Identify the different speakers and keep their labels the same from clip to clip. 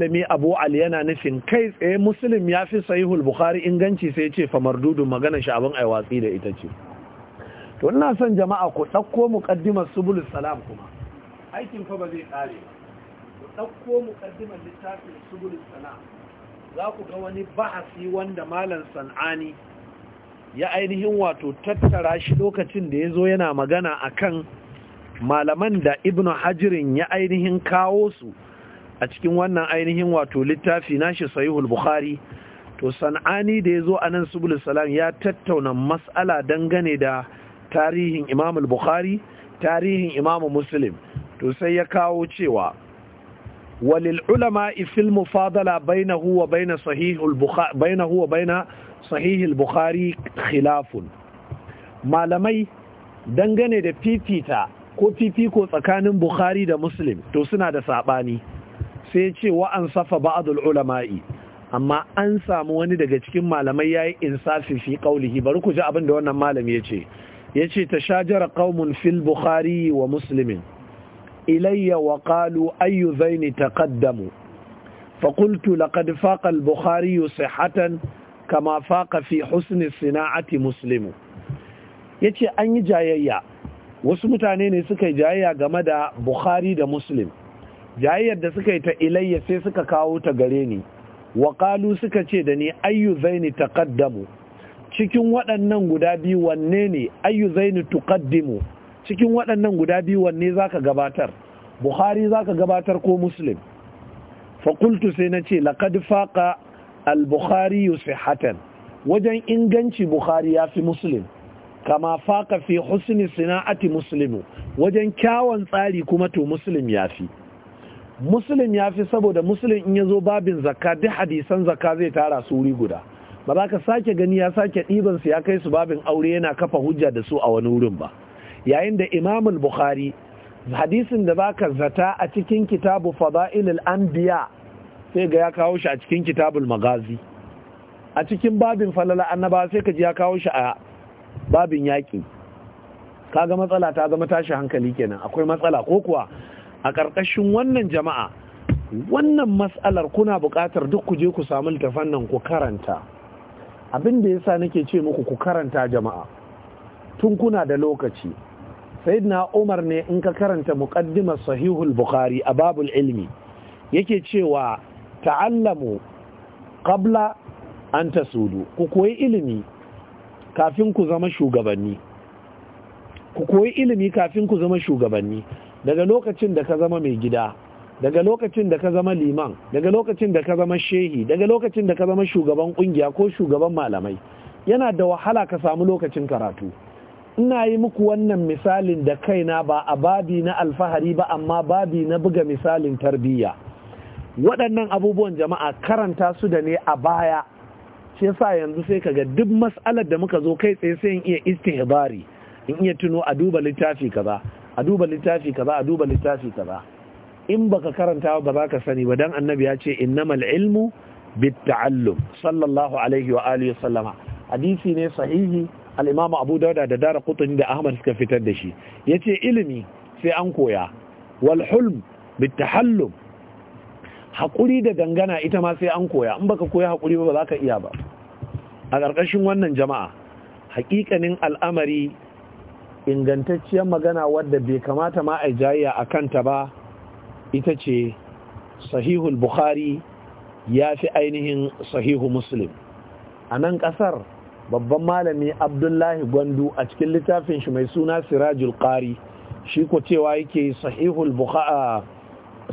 Speaker 1: malami abu ali yana nufin kai tsaye musulun ya fi sahihul bukhari inganci sai ce fa mardudun magana shi abin aiwatsi da ita ce to ina son jama'a ku ɗauko muqaddimar subul salam kuma aikin fa ba zai ba, ku ɗauko muqaddimar littafin subul salam za ku ga wani bahasi wanda malam san'ani ya ainihin wato tattara shi lokacin da ya zo yana magana akan malaman da ibnu hajirin ya ainihin kawo su a cikin wannan ainihin wato littafi nashi sahihul bukhari to san'ani da ya zo a nan subul salam ya tattauna mas'ala dangane da tarihin imam bukhari tarihin imam muslim to sai ya kawo cewa walil ulama fil mufadala bainahu wa bain sahihul bukhari sahihul bukhari khilafun malamai dangane da fifita ko fifiko tsakanin bukhari da muslim to suna da saɓani. sai ya ce wa an safa ba'adul ulama'i amma an samu wani daga cikin malamai yayi insafi fi qaulihi bari ku ji abin da wannan malami ya ce yace tashajara qaumun fil bukhari wa muslimin ilayya wa qalu ayyu zaini taqaddamu فقلت لقد فاق البخاري صحة كما فاق في حسن الصناعة مسلم yace an yi jayayya wasu mutane ne suka yi jayayya game da Bukhari da Muslim jayayyar da suka yi ta ilayya sai suka kawo ta gare ni waƙalu suka ce da ni ayyu zaini taqaddamu cikin waɗannan guda biyu wanne ne ayyu zaini tuqaddimu cikin waɗannan guda biyu wanne zaka gabatar bukhari zaka gabatar ko muslim fa sai na ce laqad faqa al bukhari sihatan wajen inganci bukhari ya fi muslim kama faqa fi husni sina'ati muslimu wajen kyawun tsari kuma to muslim ya fi Musulun ya fi saboda musulun in ya zo babin zakka duk hadisan zakka zai tara su wuri guda ba za ka sake gani ya sake ɗibansu ya kai su babin aure yana kafa hujja da su a wani wurin ba yayin da imamul bukhari hadisin da ka zata a cikin kitabu fada'ilul anbiya sai ga ya kawo shi a cikin kitabul magazi a cikin babin falala annaba sai ka ji ya kawo shi a babin yaƙi ga matsala ta zama tashi hankali kenan akwai matsala ko kuwa a ƙarƙashin wannan jama'a wannan matsalar kuna buƙatar duk ku je ku samu littafan nan ku karanta abin da yasa nake ce muku ku karanta jama'a tun kuna da lokaci sayyidina umar ne in ka karanta muqaddimar sahihul bukhari a babul ilmi yake cewa ta'allamu qabla an tasudu ku koyi ilimi kafin ku zama shugabanni ku koyi ilimi kafin ku zama shugabanni daga lokacin da ka zama mai gida daga lokacin da ka zama liman daga lokacin da ka zama shehi daga lokacin da ka zama shugaban kungiya ko shugaban malamai yana da wahala ka samu lokacin karatu ina yi muku wannan misalin da kaina ba a babi na alfahari ba amma babi na buga misalin tarbiyya waɗannan abubuwan jama'a karanta su da ne a baya shi yasa yanzu sai kaga duk mas'alar da muka zo kai tsaye sai in iya istihbari in iya tuno a duba littafi kaza a duba littafi ka ba a duba littafi ka ba in baka karanta ba za ka sani ba dan annabi ya ce innamal ilmu bitta'allum sallallahu alaihi wa alihi sallama hadisi ne sahihi al-imam Abu dauda da Dara Qutni da Ahmad suka fitar da shi yace ilimi sai an koya wal hulm bittahallum hakuri da dangana ita ma sai an koya in baka koya hakuri ba ba za ka iya ba a ƙarƙashin wannan jama'a hakikanin al'amari ingantacciyar magana wadda bai kamata ma a jayya a kanta ba ita ce sahihul bukhari ya fi ainihin sahihu muslim a nan kasar babban malami abdullahi gwandu a cikin littafin shi mai suna sirajul ƙari shi ko cewa yake sahihul bukhari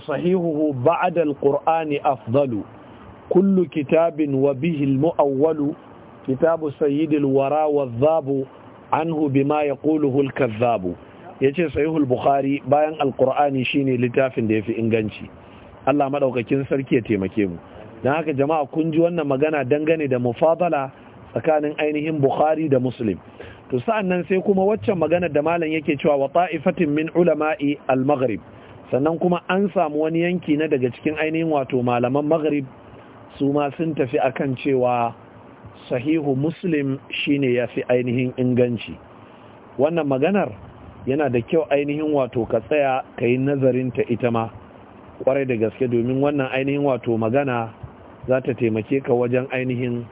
Speaker 1: sahihuhu ba'adal ƙur'ani afdalu kullu kitabin wa bihi muawwalu kitabu sayyidil wara anhu bima yaquluhu al ya ce sahihul bukhari bayan Alƙur'ani shine littafin da ya fi inganci Allah maɗaukakin sarki ya taimake mu na haka jama'a kun ji wannan magana dangane da mufadala tsakanin ainihin bukhari da muslim to sa'annan sai kuma waccan magana da malam yake cewa wa ta'ifatin min ulama'i al sannan kuma an samu wani yanki na daga cikin ainihin wato malaman maghrib su ma sun tafi akan cewa sahihu muslim shine ya fi ainihin inganci wannan maganar yana da kyau ainihin wato ka tsaya ka yi nazarinta ita ma kwarai da gaske domin wannan ainihin wato magana za ta taimake ka wajen ainihin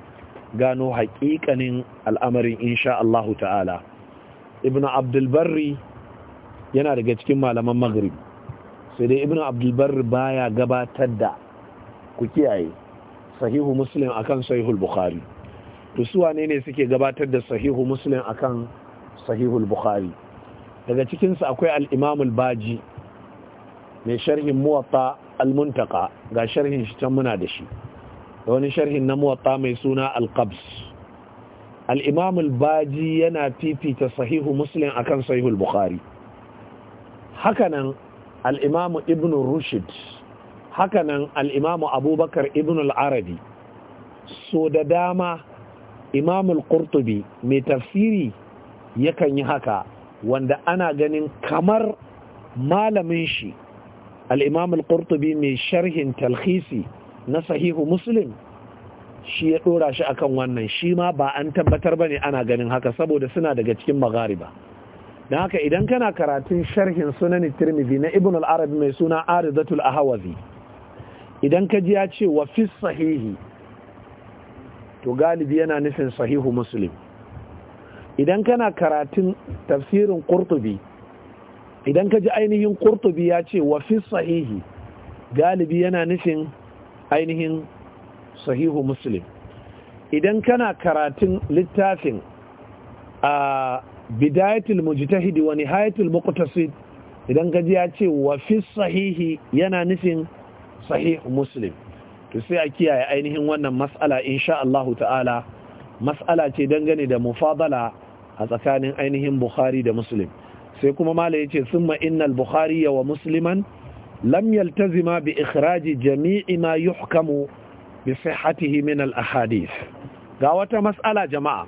Speaker 1: gano haƙiƙanin al'amarin insha Allahu ta'ala ibn abdulbarri yana daga cikin malaman maghrib sai dai ibn abdulbarri baya gabatar da ku kiyaye sahihu muslim akan sahihul bukhari to su wane ne suke gabatar da sahihu muslim akan sahihul bukhari daga cikinsu akwai al'imamul baji mai sharhin muwatta al-muntaka ga sharhin shi can muna da shi da wani sharhin na muwatta mai suna al-qabs al'imamul baji yana fifita sahihu muslim akan sahihul bukhari hakanan al'imamu ibn rushid hakanan al'imamu abubakar ibn al'arabi so da dama imamul qurtubi mai tafsiri yakan yi haka wanda ana ganin kamar malamin shi al al'imamul qurtubi mai sharhin talhisi na sahihu muslim shi ya ɗora shi akan wannan shi ma ba an tabbatar ba ne ana ganin haka saboda suna daga cikin magariba don haka idan kana karatun sharhin sunan tirmidhi na ibn al-arabi mai suna aridatul ahawazi idan ka ji ya ce wa fi sahihi to galibi yana nufin sahihu muslim idan kana karatun tafsirin kurtubi idan ka ji ainihin kurtubi ya ce wa sahihi galibi yana nufin ainihin sahihu muslim idan kana karatun littafin a bidayatul mujtahidi wa nihayatul muqtasid idan ka ji ya ce wa fi sahihi yana nufin sahihu muslim to sai a kiyaye ainihin wannan mas'ala insha Allah ta'ala mas'ala ce dangane da mufadala a tsakanin ainihin Bukhari da Muslim sai kuma mala yace summa innal Bukhari wa Musliman lam yaltazima bi ikhraji jami'i ma yuhkamu bi sihhatihi min al ahadith ga wata mas'ala jama'a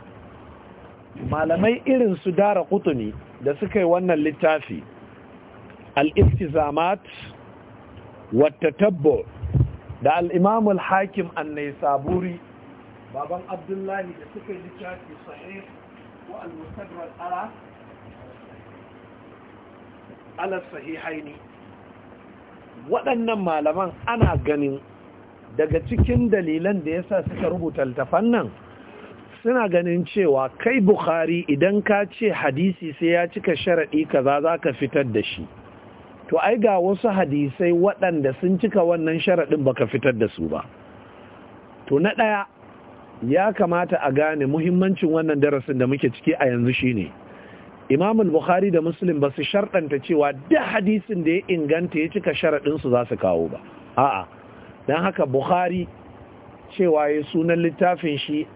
Speaker 1: malamai irin su dara qutni da suka yi wannan littafi al istizamat wa tatabbu' da al-imam al-hakim an-naisaburi baban abdullahi da suka yi littafi sahih wa al-mustadrak ala ala sahihaini waɗannan malaman ana ganin daga cikin dalilan da yasa suka rubuta littafan nan suna ganin cewa kai bukhari idan ka ce hadisi sai ya cika sharaɗi kaza za ka fitar da shi to ai ga wasu hadisai waɗanda sun cika wannan sharaɗin baka fitar da su ba to na ɗaya ya kamata a gane muhimmancin wannan darasin da muke ciki a yanzu shine imamul bukhari da muslim ba su sharɗanta cewa duk hadisin da ya inganta ya cika sharaɗinsu za su kawo ba a'a don haka bukhari cewa ya sunan littafin shi